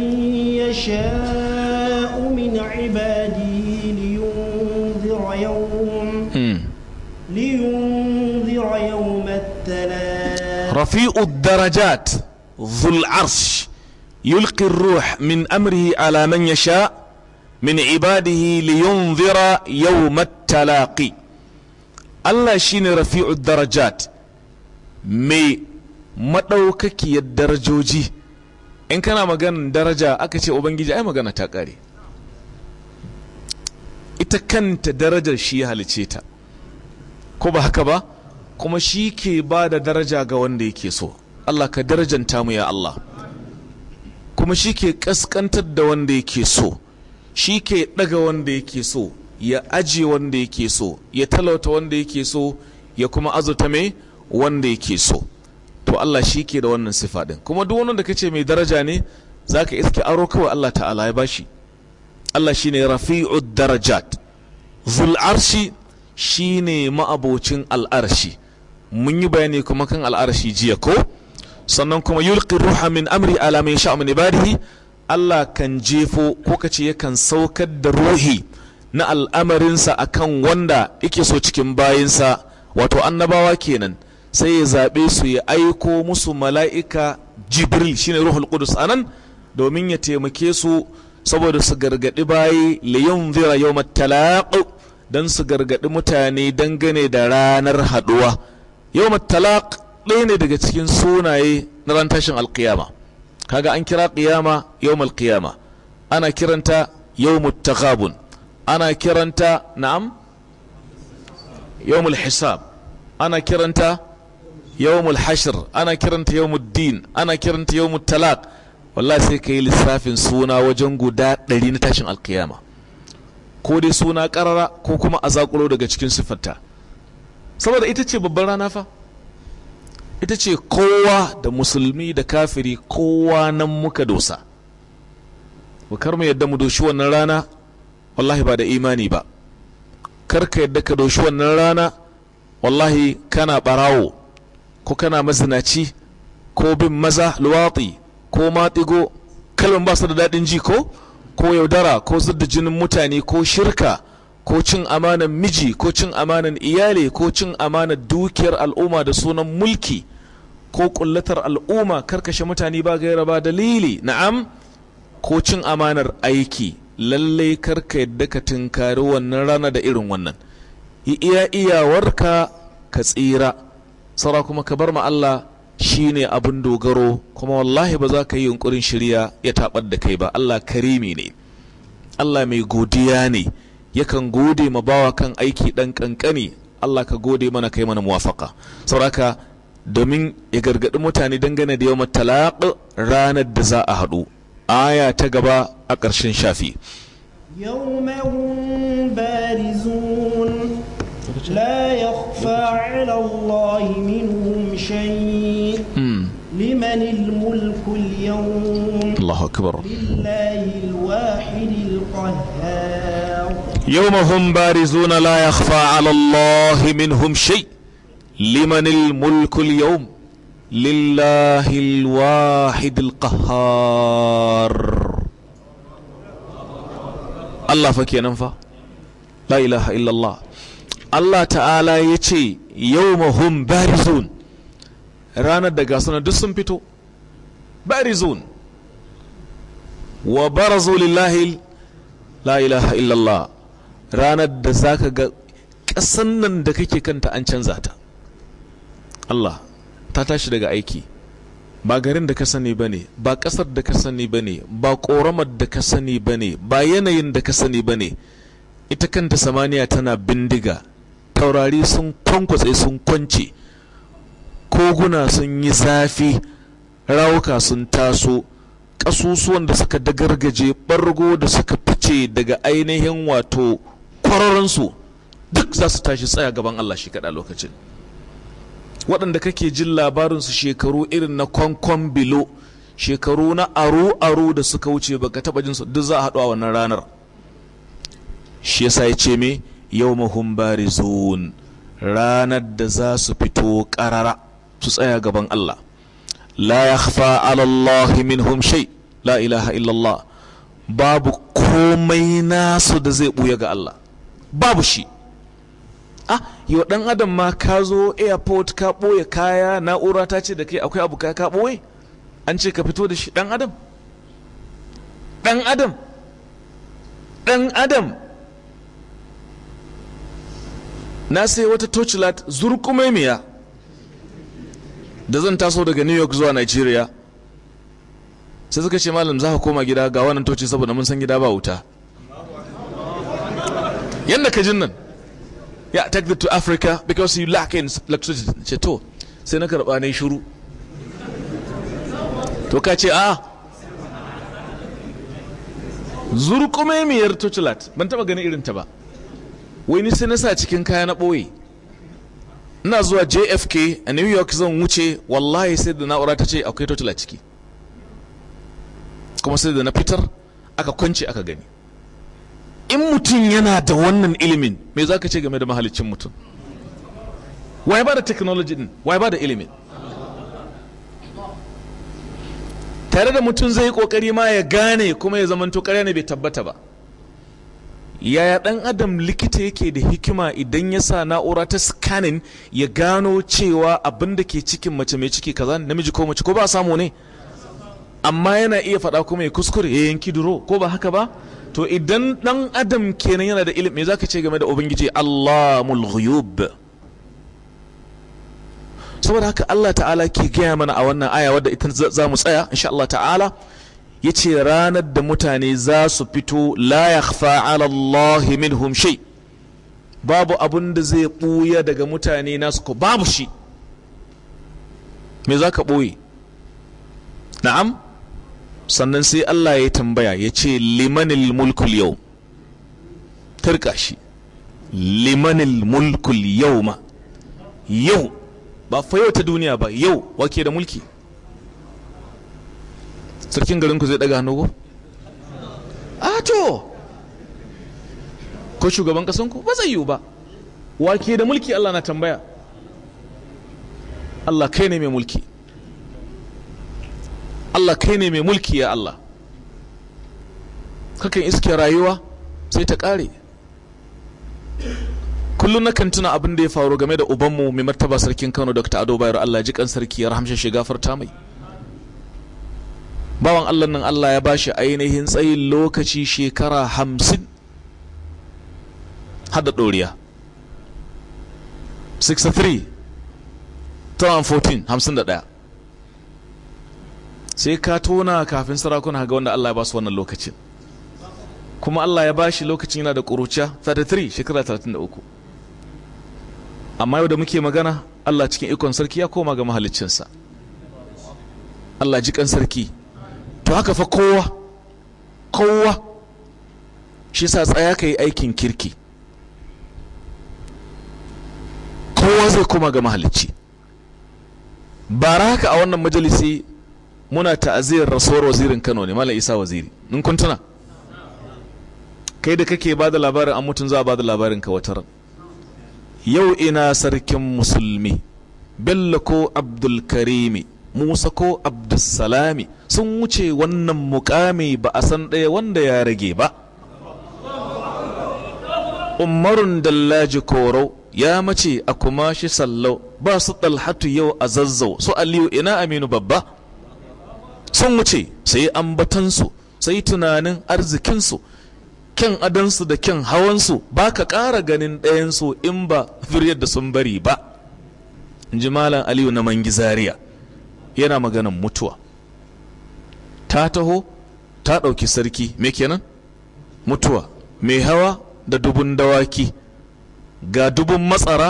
يشاء من عباده Rafi'u daraja ذو العرش يلقي الروح من أمره على من يشاء من عباده لينذر Allah shi ne rafi'ud darajat mai maɗaukakiyar darajoji in kana maganin daraja aka ce ubangiji ai magana ta ƙare ita kanta darajar shi ya halice ta ko ba haka ba kuma shi ke ba da daraja ga wanda yake so Allah ka darajanta mu ya Allah kuma shi ke kaskantar da wanda yake so shi ke ɗaga wanda yake so ya aje wanda yake so ya talauta wanda yake so ya kuma azurta mai wanda yake so to Allah shi ke da wannan sifa ɗin kuma duk wanda ka ce mai daraja ne za ka iske aro kawai Allah ta'ala ya bashi Allah shi ne rafi'ud darajat zul arshi ne ma'abocin al'arshi mun yi bayani kuma kan al'arshi jiya ko sannan kuma yulqi ruha min amri ala man yasha min ibadihi Allah kan jefo ko kace yakan saukar da ruhi na al'amarinsa akan wanda yake so cikin bayinsa wato annabawa kenan sai ya zaɓe su ya aiko musu mala'ika jibril shine ruhul qudus anan domin ya taimake su saboda su gargaɗi bayi liyun zira yau don su gargaɗi mutane dangane da ranar haɗuwa yau talaq ɗaya ne daga cikin sunaye na ran tashin alkiyama kaga an kira kiyama yau alkiyama ana kiranta yau mutakabun ana kiranta na'am yau mulhisab ana kiranta yau hashir ana kiranta yau muddin ana kiranta yau talaq wallahi sai ka yi lissafin suna wajen guda ɗari na tashin alkiyama ko dai suna ƙarara ko kuma a zaƙulo daga cikin siffarta saboda ita ce babban rana fa ita ce kowa da musulmi da kafiri kowa nan muka dosa kar mu yadda mu doshi wannan rana wallahi ba da imani ba kar ka yadda ka doshi wannan rana wallahi kana barawo ko kana mazinaci ko bin maza luwatsi ko matigo kalmar ba su da daɗin ji ko ko yaudara ko zudda jinin mutane ko shirka ko cin amanar miji ko cin amanar iyali ko cin amanar dukiyar al'umma da sunan mulki ko kullatar al'umma karkashe mutane ba gaira ba dalili na'am ko cin amanar aiki lallai karka yadda ka tunkari wannan rana da irin wannan yi iya iyawarka ka tsira sara kuma ka bar ma Allah ne abin dogaro kuma wallahi ba za ka yi yunkurin shirya ya taɓar da kai ba Allah karimi ne Allah mai godiya ne yakan gode ma bawa kan aiki ɗan ƙanƙani Allah ka gode mana kai mana muwafaka sauraka domin ya gargaɗi mutane dangane da yawon talaq ranar da za a haɗu aya ta gaba a ƙarshen shafi يومهم لا يخفى على الله منهم شيء لمن الملك اليوم الله أكبر يومهم بارزون لا يخفى على الله منهم شيء لمن الملك اليوم لله الواحد القهار الله فكي ننفى لا إله Allah ta'ala ya ce yawmahum barizun ranar da gasana duk sun fito barizun wa barazu lillahi la ilaha illallah ranar da za ka ga ƙasan nan da kake kanta an canza ta Allah ta tashi daga aiki ba garin da ka sani ba ne ba ƙasar da ka sani ba ne ba ƙoramar da ka sani ba ne ba yanayin da ka sani ba ne ita kanta samaniya tana bindiga taurari sun kwankwatse sun kwance koguna sun yi zafi rauka sun taso ƙasusuwan da suka dagargaje ɓargo da suka fice daga ainihin wato kwararansu duk za su tashi tsaya gaban Allah shi kaɗa lokacin waɗanda kake jin labarinsu shekaru irin na kwankwan bilo shekaru na aro-aro da suka wuce baka taɓa jinsu duk za a haɗu a wannan ranar shi yasa ya ce me yau mahun barizun ranar da za su fito ƙarara su tsaya gaban Allah la ya hafa alallahi minhum shai la ilaha illallah babu komai nasu da zai ɓuya ga Allah babu shi ah yau dan adam ma ka zo airport ka ɓoye kaya na'ura ta ce da kai akwai abu ka ɓoye an ce ka fito da shi dan adam dan adam dan adam na sai wata torchlight zurkumaimiya da zan taso daga new york zuwa nigeria sai suka ce malam za ka koma gida ga wannan toci saboda mun san gida ba wuta yadda ka jin nan ya take them to africa because you lack in electricity ce to sai na karba ne shuru to ka ce a ah. zurkume miyar tochilat ban taɓa irin ta ba wai ni sai na sa cikin kaya na ɓoye ina zuwa jfk a new york zan wuce wallahi sai da na'ura ta ce akwai tochilat ciki kuma sai da na fitar aka kwance aka gani in mutum yana da wannan ilimin me za ka ce game da mahalicin mutum wai ba da technology din wai ba da ilimin tare da mutum zai kokari ma ya gane kuma ya zamanto karya ne bai tabbata ba yaya dan adam likita yake da hikima idan ya sa na'ura ta scanning ya gano cewa abin da ke cikin mace mai ciki kaza namiji ko mace ko ba samu ne amma yana iya faɗa kuma ya kuskure ya yanki duro ko ba haka ba to idan dan adam kenan yana da ilimi me ka ce game da ubangiji allamul saboda haka Allah ta'ala ke gaya mana a wannan aya wadda ita za mu tsaya insha Allah ta'ala ya ce ranar da mutane za su fito la yakhfa ala Allah minhum shay babu abun da zai ɓuya daga mutane nasu ko babu shi me za ka ɓoye na'am sannan sai Allah ya tambaya ya ce limanil mulkul yau turka shi limanil mulkul yau ma yau ba fa yau ta duniya ba yau wake da mulki sarkin garinku zai daga hannu a to ko shugaban kasanku ba zai yiwu ba wake da mulki Allah na tambaya Allah kai ne mai mulki Allah kai ne mai mulki ya Allah kakan iske rayuwa sai ta ƙare kullum na kan tuna abin da ya faru game da ubanmu mai martaba sarkin kano dr ado bayar Allah ji kan sarki ya rahamshe shi farta mai bawan Allah nan Allah ya bashi ainihin tsayin lokaci shekara hamsin hada ɗoriya 63 sai ka tona kafin sarakuna ga wanda Allah ya ba su wannan lokacin kuma Allah ya ba shi lokacin yana da ƙuruciya 33 shekara 33 amma yau da muke magana Allah cikin ikon sarki ya koma ga mahaliccinsa Allah jikan sarki to haka fa kowa kowa shi sa tsaya ka yi aikin kirki kowa zai koma ga mahalicci baraka haka a wannan majalisi muna ta'aziyar rasuwar wazirin Kano ne Malam Isa Waziri in kun tuna kai da kake bada labarin an mutun za a bada labarin ka ran yau ina sarkin musulmi Bello ko Abdul Karimi Musa ko Abdulsalami, sun wuce wannan mukami ba a san ɗaya wanda ya rage ba Umarun Dallaji Koro ya mace a kuma shi sallau ba su ɗalhatu yau a zazzau su Aliyu ina Aminu babba sun wuce sai ambatansu sai tunanin arzikinsu kyan adansu da kyan hawansu ba ka ƙara ganin ɗayansu in ba zuriyar da sun bari ba in ji malam aliyu na mangi mangizariya yana maganan mutuwa ta taho ta ɗauki sarki me kenan mutuwa mai hawa da dubun dawaki ga dubun matsara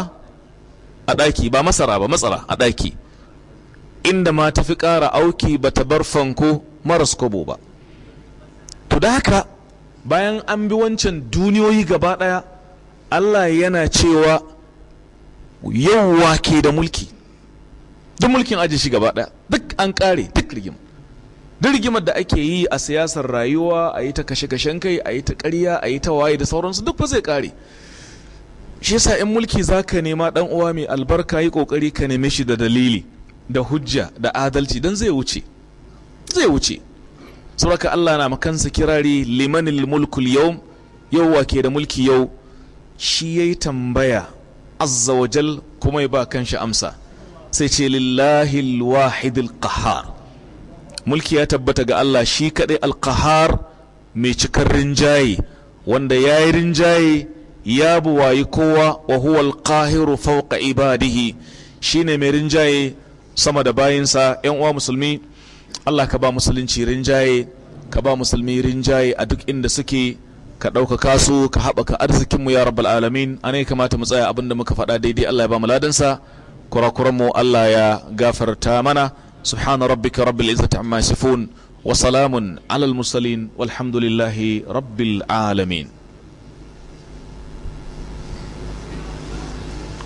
a ɗaki ba masara ba matsara a ɗaki inda ma ta fi ƙara auki ba ta bar fanko maras kobo ba to da haka bayan an bi wancan duniyoyi gaba ɗaya allah yana cewa yau ke da mulki duk mulkin aji shi gaba ɗaya duk an ƙare duk rigima duk rigimar da ake yi a siyasar rayuwa a yi ta kashe-kashen kai a yi ta ƙarya a yi ta waye da sauransu duk ba zai ƙare shi yasa in mulki za ka nema ɗan uwa mai albarka yi ƙoƙari ka neme shi da dalili da hujja da adalci dan zai wuce zai wuce sauraka Allah na makansa kirari limanil mulkul yau yau wa ke da mulki yau shi yi tambaya azza wajal kuma ya ba kanshi amsa sai ce lillahi alwahidil qahhar mulki ya tabbata ga Allah shi kaɗai alkahar mai cikar rinjaye wanda ya yi rinjaye ya buwayi kowa wa huwa alkahiru fauka ibadihi ne mai rinjaye sama da bayansa yan uwa musulmi Allah ka ba musulunci rinjaye ka ba musulmi rinjaye a duk inda suke ka ɗauka kasu ka haɓaka arzikinmu ya rabbal alamin a ne kamata mu tsaya da muka faɗa daidai Allah ya ba mu ladansa kurakuranmu Allah ya gafarta mana subhana rabbika rabbil izzati amma yasifun wa salamun alal mursalin walhamdulillahi rabbil alamin